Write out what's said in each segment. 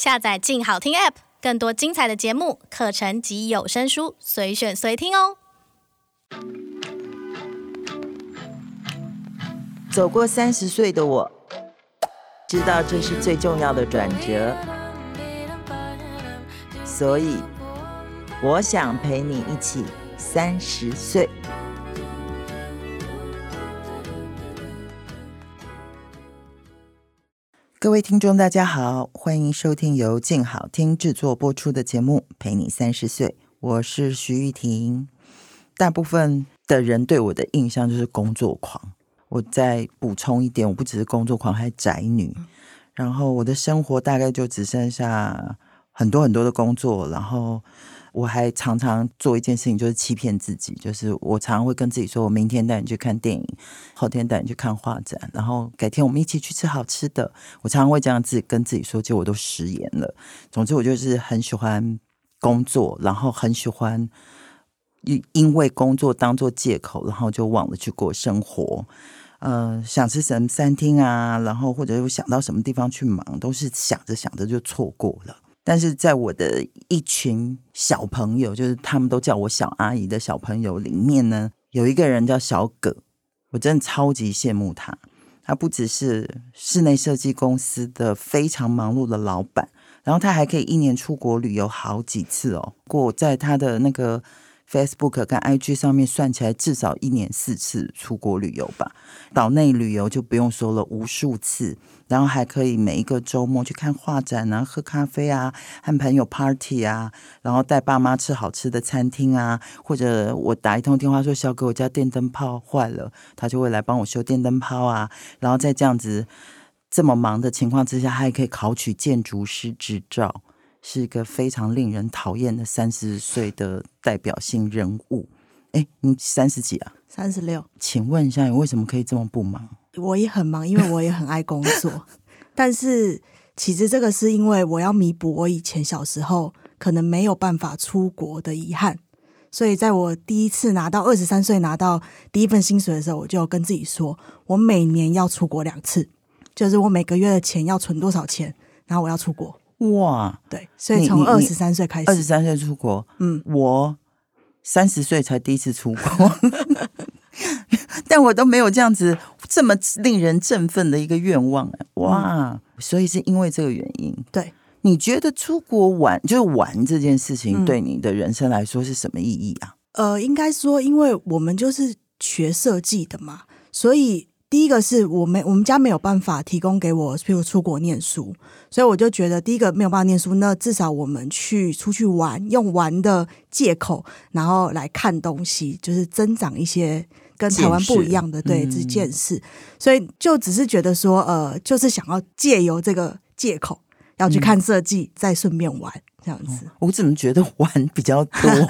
下載“鏡好聽 ”App，更多精彩的節目、課程及有聲書，隨選隨聽哦。走過三十歲的我，知道這是最重要的轉折，所以我想陪你一起三十歲。各位聽眾，大家好，歡迎收聽由靜好聽製作播出的節目《陪你三十歲》，我是徐譽庭。大部分的人對我的印象就是工作狂。我再補充一點，我不只是工作狂，還宅女。嗯、然後我的生活大概就只剩下很多很多的工作，然後。我還常常做一件事情，就是欺騙自己，就是我常常會跟自己說，我明天帶你去看電影，後天帶你去看畫展，然後改天我們一起去吃好吃的。我常常會這樣子跟自己說，結果我都食言了。總之，我就是很喜歡工作，然後很喜歡因因為工作當做借口，然後就忘了去過生活。呃，想吃什麼餐廳啊，然後或者是想到什麼地方去忙，都是想着想着就錯過了。但是在我的一群小朋友，就是他們都叫我小阿姨的小朋友裡面呢，有一個人叫小葛，我真的超級羨慕他。他不只是室內設計公司的非常忙碌的老闆，然後他還可以一年出國旅遊好幾次哦。過在他的那個。Facebook 跟 IG 上面算起來，至少一年四次出國旅遊吧。島內旅遊就不用說了，無數次。然後還可以每一個週末去看畫展啊，喝咖啡啊，和朋友 party 啊，然後帶爸媽吃好吃的餐廳啊。或者我打一通電話說小葛我家電燈泡壞了，他就會來幫我修電燈泡啊。然後在這樣子這麼忙的情況之下，他還可以考取建築師執照。是一個非常令人討厭的三十歲的代表性人物。哎，你三十幾啊？三十六。請問一下，你為什麼可以這麼不忙？我也很忙，因為我也很愛工作。 但是，其實這個是因為我要彌補我以前小時候可能沒有辦法出國的遺憾。所以，在我第一次拿到二十三歲拿到第一份薪水的時候，我就跟自己說，我每年要出國兩次，就是我每個月的錢要存多少錢，然後我要出國。哇！對，所以從二十三歲開始，二十三歲出國，嗯，我三十歲才第一次出國， 但我都沒有這樣子這麼令人振奮的一個願望、啊。哇、嗯！所以是因為這個原因。對、嗯，你覺得出國玩就是玩這件事情、嗯，對你的人生來說是什麼意義啊？呃，應該說，因為我們就是學設計的嘛，所以。第一個是我們我們家沒有辦法提供給我，譬如出國念書，所以我就覺得第一個沒有辦法念書，那至少我們去出去玩，用玩的借口，然後來看東西，就是增長一些跟台灣不一樣的，對，這件事，嗯，所以就只是覺得說，呃，就是想要借由這個借口，要去看設計，嗯，再順便玩。這樣子，我怎麼覺得玩比較多？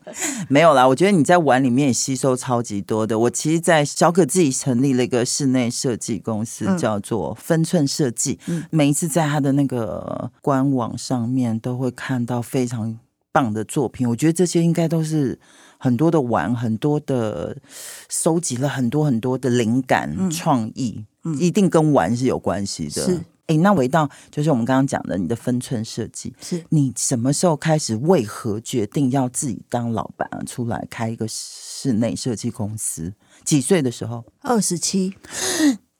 沒有啦，我覺得你在玩裡面也吸收超級多的。我其實，在小可自己成立了一個室內設計公司、嗯，叫做分寸設計、嗯。每一次在他的那個官網上面，都會看到非常棒的作品。我覺得這些應該都是很多的玩，很多的收集了很多很多的靈感創、嗯、意、嗯，一定跟玩是有關係的。欸，那回到就是我們剛剛講的，你的分寸設計，是你什麼時候開始？為何決定要自己當老板，出來開一個室內設計公司？幾歲的時候？二十七。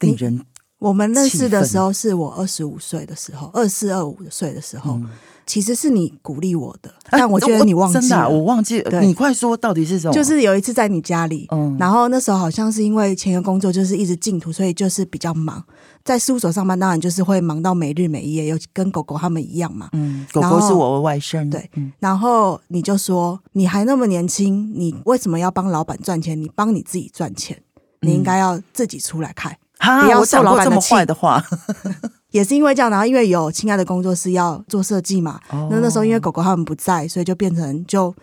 人你我們認識的時候是我二十五歲的時候，二四二五歲的時候、嗯，其實是你鼓勵我的，但我覺得你忘記了我、啊，我忘記了，你快說到底是什麼、啊？就是有一次在你家裡、嗯，然後那時候好像是因為前個工作就是一直競圖所以就是比較忙。在事務所上班當然就是會忙到每日每夜，尤其跟狗狗他們一樣嘛。嗯，狗狗是我的外甥。對、嗯，然後你就說你還那麼年輕，你為什麼要幫老闆賺錢？你幫你自己賺錢、嗯，你應該要自己出來開，不要受老闆氣 也是因為這樣，然後因為有親愛的工作室要做設計嘛。那、哦、那時候因為狗狗他們不在，所以就變成就。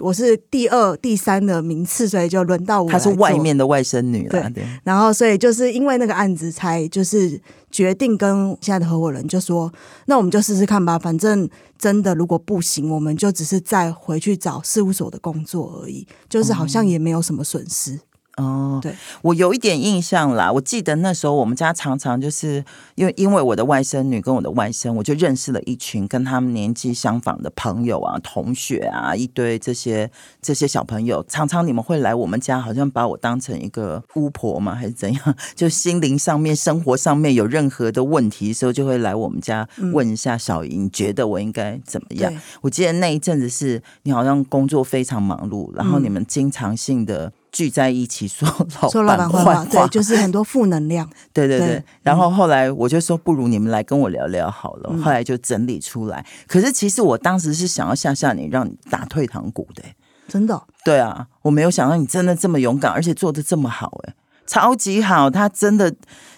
我是第二、第三的名次，所以就輪到我。她是外面的外甥女了對。對，然後所以就是因為那個案子，才就是決定跟現在的合夥人就說：“那我們就試試看吧，反正真的如果不行，我們就只是再回去找事務所的工作而已，就是好像也沒有什麼損失。”嗯哦，對我有一點印象啦。我記得那時候我們家常常就是因為因為我的外甥女跟我的外甥，我就認識了一群跟他們年紀相仿的朋友啊、同學啊，一堆這些這些小朋友，常常你們會來我們家，好像把我當成一個巫婆嘛，還是怎樣？就心靈上面、生活上面有任何的問題的時候，就會來我們家問一下小姨，嗯、你覺得我應該怎麼樣？我記得那一陣子是你好像工作非常忙碌，嗯、然後你們經常性的。聚在一起說老，說老闆壞話，對，就是很多負能量。 對對對，對，對。然後後來我就說，不如你們來跟我聊聊好了、嗯。後來就整理出來。可是其實我當時是想要嚇嚇你，讓你打退堂鼓的、欸。真的、哦？對啊，我沒有想到你真的這麼勇敢，而且做的這麼好、欸。超級好，他真的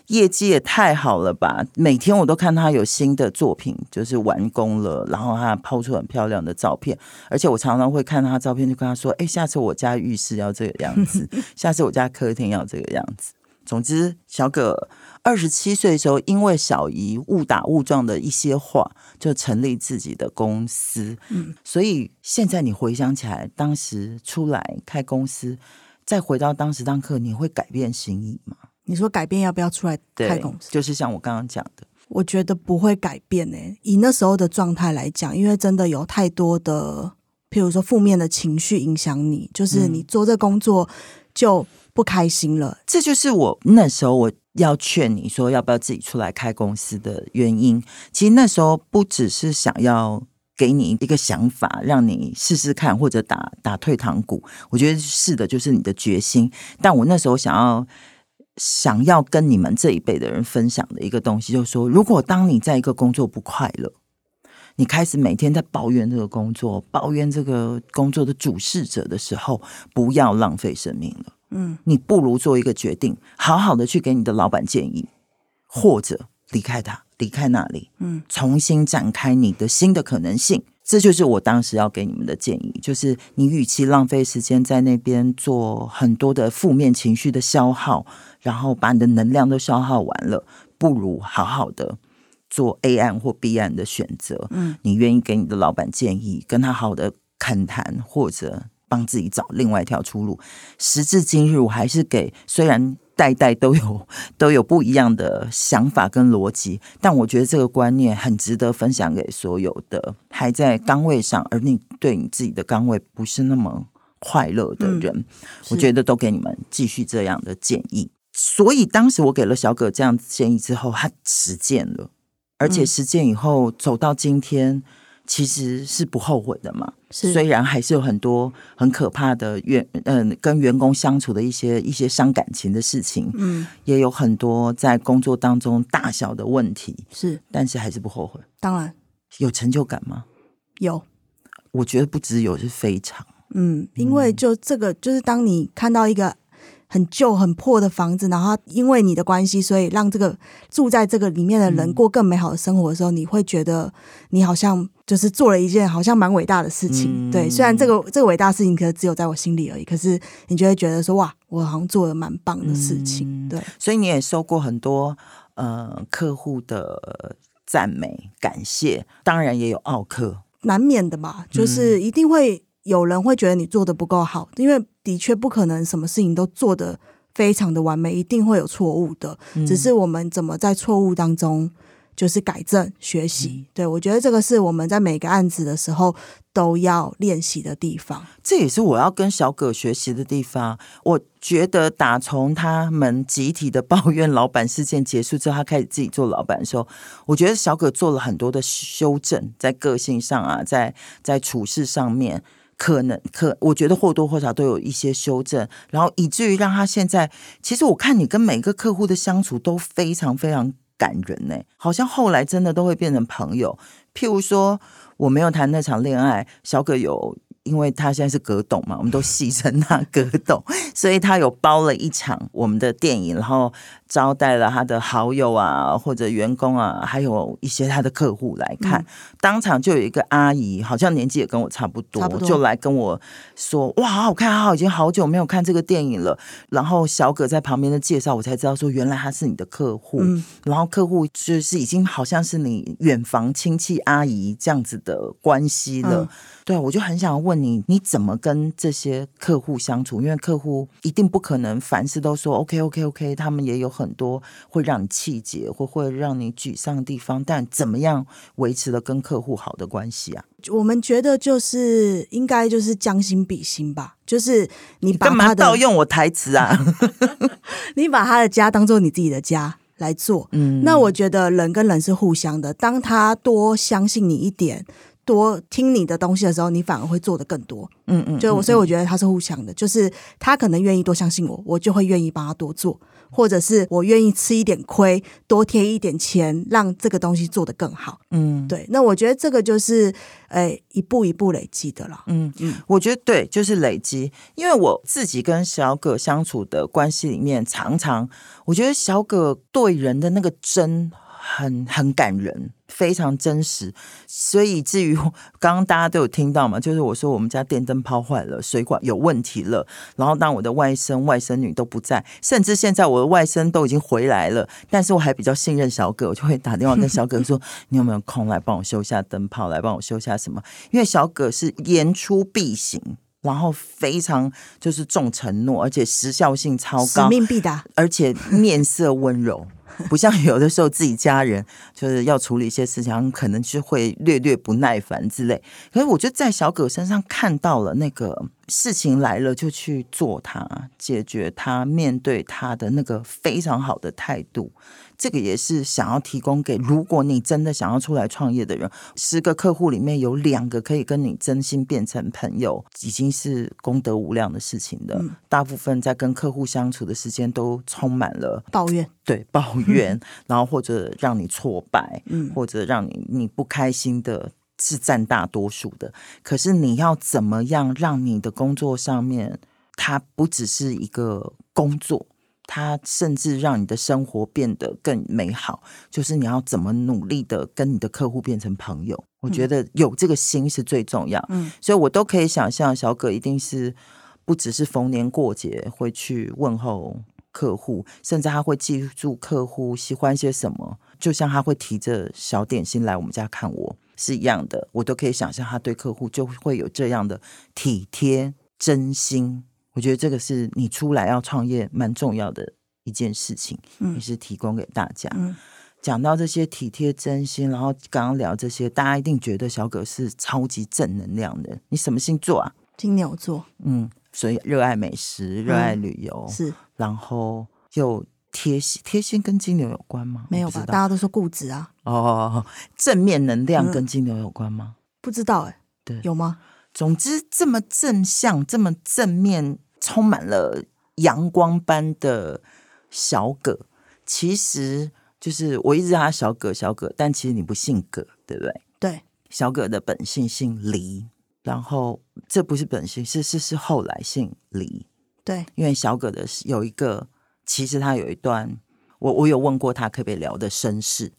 業績也太好了吧！每天我都看他有新的作品，就是完工了，然後他拋出很漂亮的照片，而且我常常會看他照片，就跟他說：“哎，下次我家浴室要這個樣子，下次我家客廳要這個樣子。 ”總之，小葛二十七歲的時候，因為小姨誤打誤撞的一些話，就成立自己的公司。嗯，所以現在你回想起來，當時出來開公司。再回到當時當刻，你會改變心意嗎？你說改變要不要出來開公司？就是像我剛剛講的，我覺得不會改變誒、欸，以那時候的狀態來講，因為真的有太多的，譬如說負面的情緒影響你，就是你做這工作就不開心了。嗯，這就是我那時候我要勸你說要不要自己出來開公司的原因。其實那時候不只是想要。給你一個想法，讓你試試看或者打打退堂鼓。我覺得是的就是你的決心。但我那時候想要想要跟你們這一輩的人分享的一個東西，就是說，如果當你在一個工作不快樂，你開始每天在抱怨這個工作、抱怨這個工作的主事者的時候，不要浪費生命了。嗯，你不如做一個決定，好好的去給你的老闆建議，或者離開他。離開那裡，重新展開你的新的可能性。嗯，這就是我當時要給你們的建議。就是你與其浪費時間在那邊做很多的負面情緒的消耗，然後把你的能量都消耗完了，不如好好的做 A 案或 B 案的選擇。嗯，你願意給你的老板建議，跟他好的懇談，或者。幫自己找另外一條出路。時至今日，我還是給，雖然代代都有都有不一樣的想法跟邏輯，但我覺得這個觀念很值得分享給所有的還在崗位上，而你對你自己的崗位不是那麼快樂的人，嗯。我覺得都給你們繼續這樣的建議。所以當時我給了小葛這樣建議之後，他實踐了，而且實踐以後走到今天。嗯其實是不後悔的嘛，是，雖然還是有很多很可怕的員，嗯，跟員工相處的一些一些傷感情的事情，嗯，也有很多在工作當中大小的問題，是，但是還是不後悔。當然有成就感嗎？有，我覺得不只有，是非常，嗯，嗯，因為就這個，就是當你看到一個。很舊、很破的房子，然後因為你的關係，所以讓這個住在這個裡面的人過更美好的生活的時候、嗯，你會覺得你好像就是做了一件好像蠻偉大的事情。嗯、對，雖然這個這個偉大事情可能只有在我心裡而已，可是你就會覺得說哇，我好像做了蠻棒的事情。嗯、對，所以你也收過很多呃客戶的讚美、感謝，當然也有奧客，難免的嘛，就是一定會。嗯有人會覺得你做得不夠好，因為的確不可能什麼事情都做得非常的完美，一定會有錯誤的、嗯。只是我們怎麼在錯誤當中就是改正學習。嗯、對，我覺得這個是我們在每個案子的時候都要練習的地方。這也是我要跟小葛學習的地方。我覺得打從他們集體的抱怨老闆事件結束之後，他開始自己做老闆的時候，我覺得小葛做了很多的修正，在個性上啊，在在處事上面。可能可，我覺得或多或少都有一些修正，然後以至於讓他現在，其實我看你跟每個客戶的相處都非常非常感人呢，好像後來真的都會變成朋友。譬如說，我沒有談那場戀愛，小葛有，因為他現在是葛董嘛，我們都戲稱他葛董，所以他有包了一場我們的電影，然後。招待了他的好友啊，或者員工啊，還有一些他的客戶來看，嗯，當場就有一個阿姨，好像年紀也跟我差不，差不多，就來跟我說：“哇，好好看，好好，已經好久沒有看這個電影了。”然後小葛在旁邊的介紹，我才知道說，原來他是你的客戶，嗯。然後客戶就是已經好像是你遠房親戚阿姨這樣子的關係了，嗯。對，我就很想問你，你怎麼跟這些客戶相處？因為客戶一定不可能凡事都說 “OK OK OK”，他們也有。很多會讓你氣結，或會讓你沮喪的地方，但怎麼樣維持了跟客戶好的關係啊？我們覺得就是應該就是將心比心吧，就是你，把他的你幹嘛盜用我台詞啊？ 你把他的家當做你自己的家來做，嗯，那我覺得人跟人是互相的，當他多相信你一點，多聽你的東西的時候，你反而會做得更多。嗯嗯、嗯、嗯，就我所以我覺得他是互相的，就是他可能願意多相信我，我就會願意幫他多做。或者是我願意吃一點虧，多貼一點錢，讓這個東西做得更好。嗯，對。那我覺得這個就是，哎、欸，一步一步累積的了。嗯嗯，我覺得對，就是累積。因為我自己跟小葛相處的關係裡面，常常我覺得小葛對人的那個真。很很感人，非常真實。所以至於剛剛大家都有聽到嘛，就是我說我們家電燈泡壞了，水管有問題了，然後當我的外甥外甥女都不在，甚至現在我的外甥都已經回來了，但是我還比較信任小葛，我就會打電話跟小葛說：“ 你有沒有空來幫我修一下燈泡？來幫我修一下什麼？”因為小葛是言出必行，然後非常就是重承諾，而且時效性超高，使命必達，而且面色溫柔。 不像有的時候自己家人就是要處理一些事情，可能就會略略不耐煩之類。可是，我就在小葛身上看到了那個。事情來了就去做它，解決他，面對他的那個非常好的態度，這個也是想要提供給如果你真的想要出來創業的人，嗯、十個客戶裡面有兩個可以跟你真心變成朋友，已經是功德無量的事情了。嗯、大部分在跟客戶相處的時間都充滿了抱怨，對，抱怨、嗯，然後或者讓你挫敗，嗯，或者讓你你不開心的。是佔大多數的，可是你要怎麼樣讓你的工作上面，它不只是一個工作，它甚至讓你的生活變得更美好。就是你要怎麼努力的跟你的客戶變成朋友，嗯，我覺得有這個心是最重要。嗯，所以我都可以想象小葛一定是不只是逢年過節會去問候客戶，甚至他會記住客戶喜歡些什麼，就像他會提着小點心來我們家看我。是一樣的，我都可以想象他對客戶就會有這樣的體貼真心。我覺得這個是你出來要創業蠻重要的一件事情，嗯，也是提供給大家。講、嗯、到這些體貼真心，然後剛剛聊這些，大家一定覺得小葛是超級正能量的。你什麼星座啊？金牛座。嗯，所以熱愛美食，熱愛旅遊、嗯、是，然後就。貼心貼心跟金牛有關嗎？沒有吧？大家都說固執啊。哦，正面能量跟金牛有關嗎？嗯、不知道哎、欸。對，有嗎？總之這麼正向、這麼正面、充滿了陽光般的小葛，其實就是我一直叫他小葛，小葛。但其實你不姓葛，對不對？對，小葛的本姓姓黎。然後這不是本姓，是是是後來姓黎。對，因為小葛的有一個。其實他有一段，我我有問過他可不可以聊的身世，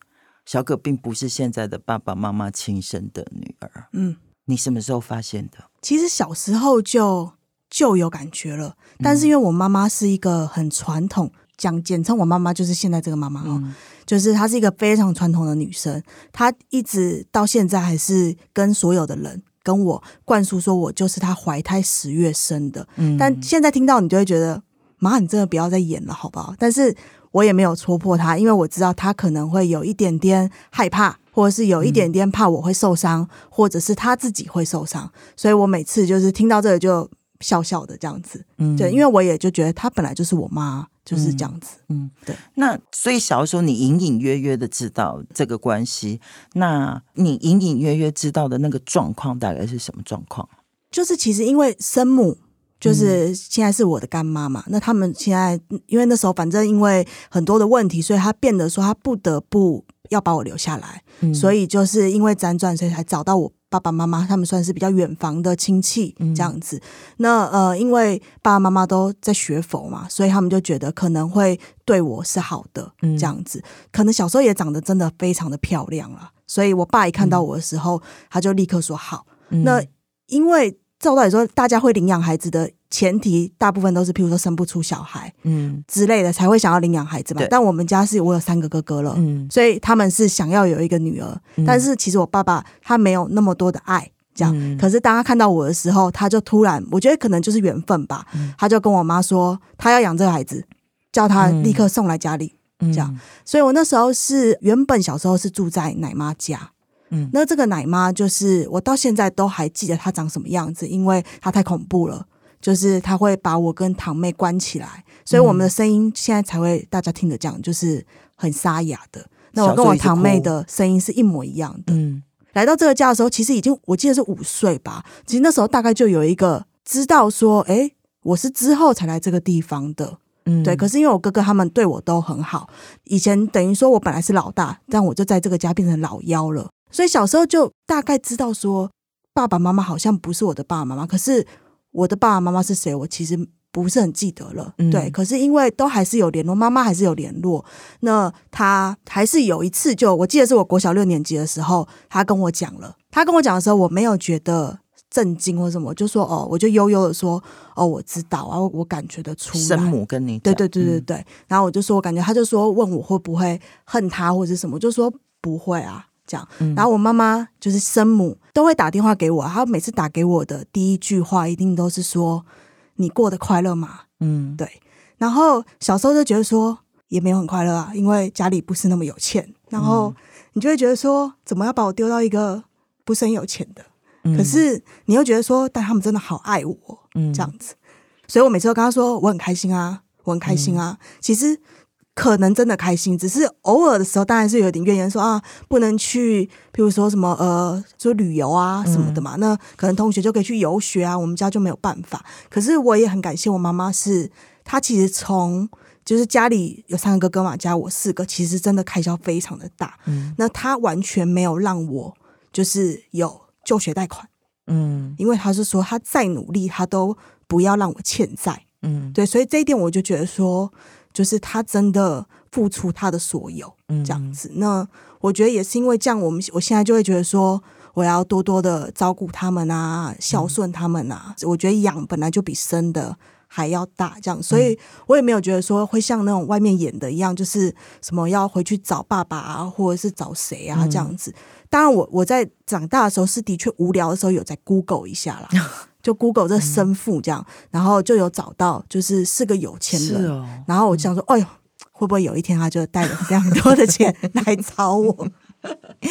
小葛並不是現在的爸爸媽媽親生的女兒。嗯，你什麼時候發現的？其實小時候就就有感覺了，嗯，但是因為我媽媽是一個很傳統，講簡稱我媽媽就是現在這個媽媽哦，嗯，就是她是一個非常傳統的女生，她一直到現在還是跟所有的人跟我灌輸說我就是她懷胎十月生的。嗯，但現在聽到你就會覺得。媽，你真的不要再演了，好不好？但是我也沒有戳破他，因為我知道他可能會有一點點害怕，或者是有一點點怕我會受傷，嗯、或者是他自己會受傷。所以我每次就是聽到這裡就笑笑的這樣子，嗯，對，因為我也就覺得他本來就是我媽，就是這樣子，嗯，嗯對。那所以小的時候，你隱隱約約的知道這個關係，那你隱隱約約知道的那個狀況大概是什麼狀況？就是其實因為生母。就是現在是我的乾媽媽、嗯、那他們現在因為那時候反正因為很多的問題，所以他變得說他不得不要把我留下來，嗯、所以就是因為輾轉，所以才找到我爸爸媽媽，他們算是比較遠房的親戚這樣子。嗯、那呃，因為爸爸媽媽都在學佛嘛，所以他們就覺得可能會對我是好的這樣子。嗯、可能小時候也長得真的非常的漂亮了，所以我爸一看到我的時候，嗯、他就立刻說好。嗯、那因為。照道理說大家會領養孩子的前提，大部分都是譬如說生不出小孩，嗯之類的才會想要領養孩子嘛。但我們家是我有三個哥哥了、嗯，所以他們是想要有一個女兒。嗯、但是其實我爸爸他沒有那麼多的愛，這樣、嗯。可是當他看到我的時候，他就突然我覺得可能就是緣分吧，嗯、他就跟我媽說他要養這個孩子，叫他立刻送來家裡，嗯、這樣。所以我那時候是原本小時候是住在奶媽家。嗯，那這個奶媽就是我到現在都還記得她長什麼樣子，因為她太恐怖了。就是她會把我跟堂妹關起來，所以我們的聲音現在才會大家聽着這樣，就是很沙啞的。那我跟我堂妹的聲音是一模一樣的。嗯，來到這個家的時候，其實已經我記得是五歲吧。其實那時候大概就有一個知道說，哎、欸，我是之後才來這個地方的。嗯，對。可是因為我哥哥他們對我都很好，以前等於說我本來是老大，但我就在這個家變成老幺了。所以小時候就大概知道說，爸爸媽媽好像不是我的爸爸媽媽，可是我的爸爸媽媽是誰，我其實不是很記得了、嗯。對，可是因為都還是有聯絡，媽媽還是有聯絡。那他還是有一次就，就我記得是我國小六年級的時候，他跟我講了。他跟我講的時候，我沒有覺得震驚或什麼，就說哦，我就悠悠的說哦，我知道啊，我感覺得出來生母跟你對，對對對對對，嗯、然後我就說我感覺，他就說問我會不會恨他或者是什麼，我就說不會啊。講、嗯，然後我媽媽就是生母都會打電話給我，她每次打給我的第一句話一定都是說你過得快樂嗎？嗯，對。然後小時候就覺得說也沒有很快樂啊，因為家裡不是那麼有錢。然後、嗯、你就會覺得說，怎麼要把我丟到一個不是很有錢的？可是、嗯、你又覺得說，但他們真的好愛我、嗯，這樣子。所以我每次都跟她說，我很開心啊，我很開心啊。嗯、其實。可能真的開心，只是偶爾的時候，當然是有點怨言說，說啊，不能去，比如說什麼呃，說旅遊啊什麼的嘛、嗯。那可能同學就可以去遊學啊，我們家就沒有辦法。可是我也很感謝我媽媽，是她其實從就是家裡有三個哥哥嘛，加我四個，其實真的開銷非常的大、嗯。那她完全沒有讓我就是有就學貸款，嗯，因為她是說她再努力，她都不要讓我欠債。嗯，對，所以這一點我就覺得說。就是他真的付出他的所有，這樣子。嗯、那我覺得也是因為這樣，我們我現在就會覺得說，我要多多的照顧他們啊，孝順他們啊。嗯、我覺得養本來就比生的還要大，這樣子。所以我也沒有覺得說會像那種外面演的一樣，就是什麼要回去找爸爸啊，或者是找誰啊，這樣子。當然我，我我在長大的時候是的確無聊的時候有在 Google 一下啦。 就 Google 這生父這樣，嗯，然後就有找到，就是是個有錢人。是哦，然後我就想說，哎呦，會不會有一天他就帶了這樣多的錢來找我？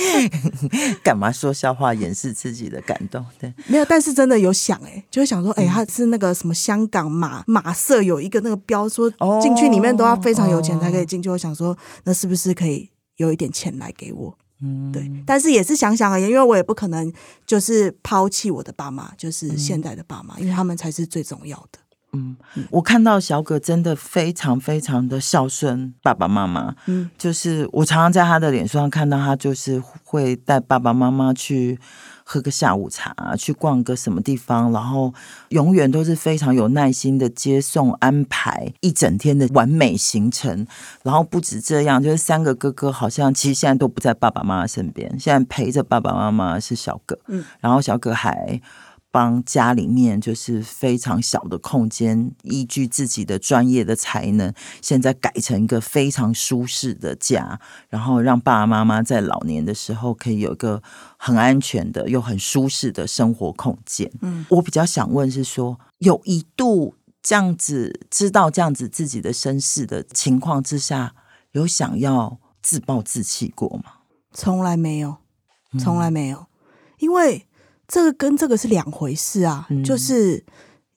幹嘛說笑話掩飾自己的感動？對，沒有，但是真的有想哎，欸，就是想說，哎，欸，他是那個什麼香港馬馬社有一個那個標，說進去裡面都要非常有錢才可以進去。哦，我想說，那是不是可以有一點錢來給我？嗯，對，但是也是想想而已，因為我也不可能就是拋棄我的爸媽，就是現在的爸媽，嗯，因為他們才是最重要的。嗯，我看到小葛真的非常非常的孝順爸爸媽媽，嗯，就是我常常在他的臉書上看到他，就是會帶爸爸媽媽去。喝個下午茶，去逛個什麼地方，然後永遠都是非常有耐心的接送，安排一整天的完美行程。然後不止這樣，就是三個哥哥好像其實現在都不在爸爸媽媽身邊，現在陪着爸爸媽媽是小葛，嗯，然後小葛還。幫家裡面就是非常小的空間，依據自己的專業的才能，現在改成一個非常舒適的家，然後讓爸爸媽媽在老年的時候可以有一個很安全的又很舒適的生活空間。嗯，我比較想問是說，有一度這樣子知道這樣子自己的身世的情況之下，有想要自暴自棄過嗎？從來沒有，從來沒有，因為。這個跟這個是兩回事啊，嗯、就是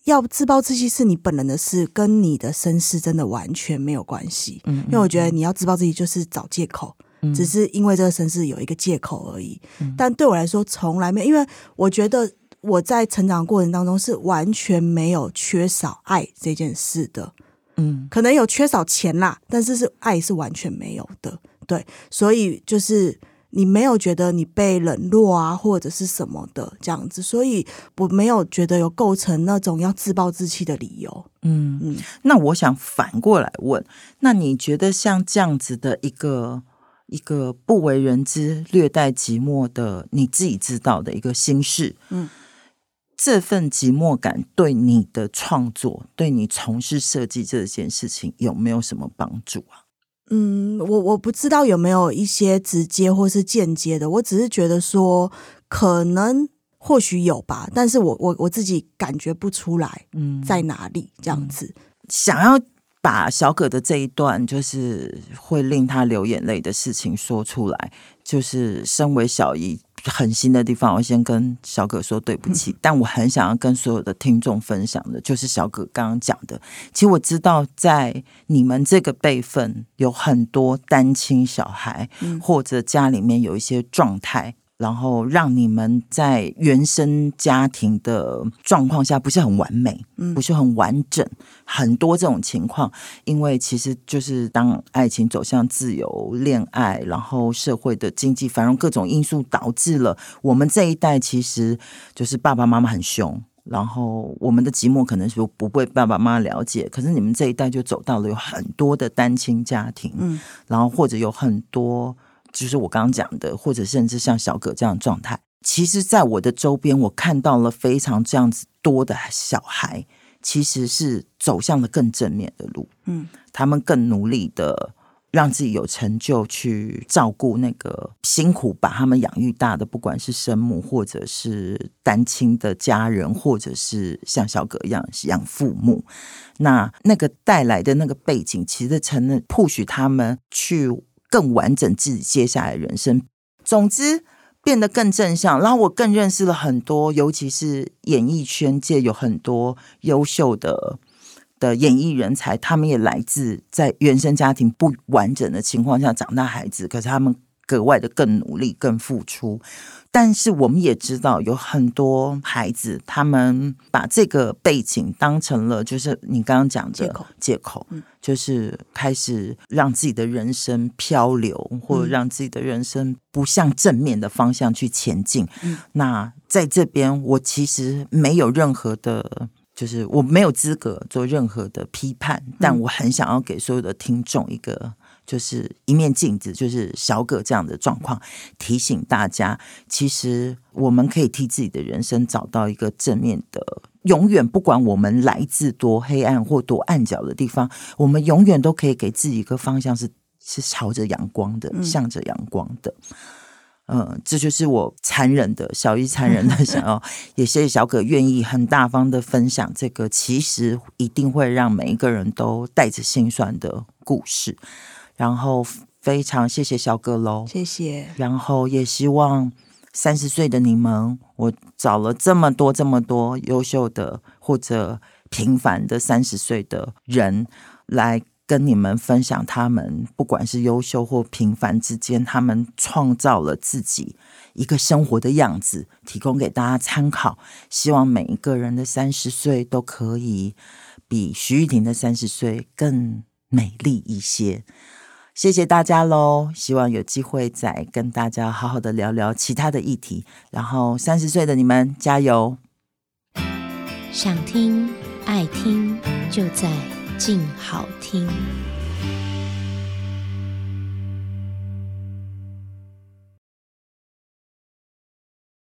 要自暴自棄是你本人的事，跟你的身世真的完全沒有關係。嗯，嗯，因為我覺得你要自暴自棄就是找借口、嗯，只是因為這個身世有一個借口而已。嗯、但對我來說，從來沒有，因為我覺得我在成長過程當中是完全沒有缺少愛這件事的。嗯，可能有缺少錢啦，但是是愛是完全沒有的。對，所以就是。你沒有覺得你被冷落啊？或者是什麼的這樣子，所以我沒有覺得有構成那種要自暴自棄的理由。嗯嗯，那我想反過來問，那你覺得像這樣子的一個一個不為人知、略帶寂寞的你自己知道的一個心事，嗯，這份寂寞感對你的創作、對你從事設計這件事情有沒有什麼幫助啊？嗯，我我不知道有沒有一些直接或是間接的，我只是覺得說可能或許有吧，但是我我我自己感覺不出來，嗯，在哪裡這樣子，嗯嗯，想要。把小葛的這一段，就是會令他流眼淚的事情說出來，就是身為小姨狠心的地方，我先跟小葛說對不起。嗯、但我很想要跟所有的聽眾分享的，就是小葛剛剛講的。其實我知道，在你們這個輩分，有很多單親小孩，或者家裡面有一些狀態。嗯然後讓你們在原生家庭的狀況下不是很完美，嗯，不是很完整，很多這種情況，因為其實就是當愛情走向自由戀愛，然後社會的經濟繁榮各種因素導致了我們這一代其實就是爸爸媽媽很兇，然後我們的寂寞可能是不被爸爸媽媽了解，可是你們這一代就走到了有很多的單親家庭，嗯，然後或者有很多。就是我剛剛講的，或者甚至像小葛這樣的狀態，其實，在我的周邊，我看到了非常這樣子多的小孩，其實是走向了更正面的路。嗯，他們更努力的讓自己有成就，去照顧那個辛苦把他們養育大的，不管是生母或者是單親的家人，或者是像小葛一樣養父母，那那個帶來的那個背景，其實成了迫 u 他們去。更完整自己接下來的人生，總之變得更正向，然後我更認識了很多，尤其是演藝圈界有很多優秀的的演藝人才，他們也來自在原生家庭不完整的情況下長大孩子，可是他們。格外的更努力、更付出，但是我們也知道有很多孩子，他們把這個背景當成了就是你剛剛講的借口，借口就是開始讓自己的人生漂流，嗯，或者讓自己的人生不向正面的方向去前進，嗯。那在這邊，我其實沒有任何的，就是我沒有資格做任何的批判，嗯，但我很想要給所有的聽眾一個。就是一面鏡子，就是小葛這樣的狀況，提醒大家，其實我們可以替自己的人生找到一個正面的。永遠不管我們來自多黑暗或多暗角的地方，我們永遠都可以給自己一個方向是，是是朝着陽光的，向着陽光的。嗯，呃、這就是我殘忍的小姨，殘忍的 想要，也謝謝小葛願意很大方的分享這個，其實一定會讓每一個人都帶着心酸的故事。然後非常謝謝小葛囉，謝謝。然後也希望三十歲的你們，我找了這麼多這麼多優秀的或者平凡的三十歲的人來跟你們分享，他們不管是優秀或平凡之間，他們創造了自己一個生活的樣子，提供給大家參考。希望每一個人的三十歲都可以比徐譽庭的三十歲更美麗一些。謝謝大家嘍！希望有機會再跟大家好好的聊聊其他的議題。然後三十歲的你們加油！想聽愛聽就在鏡好聽。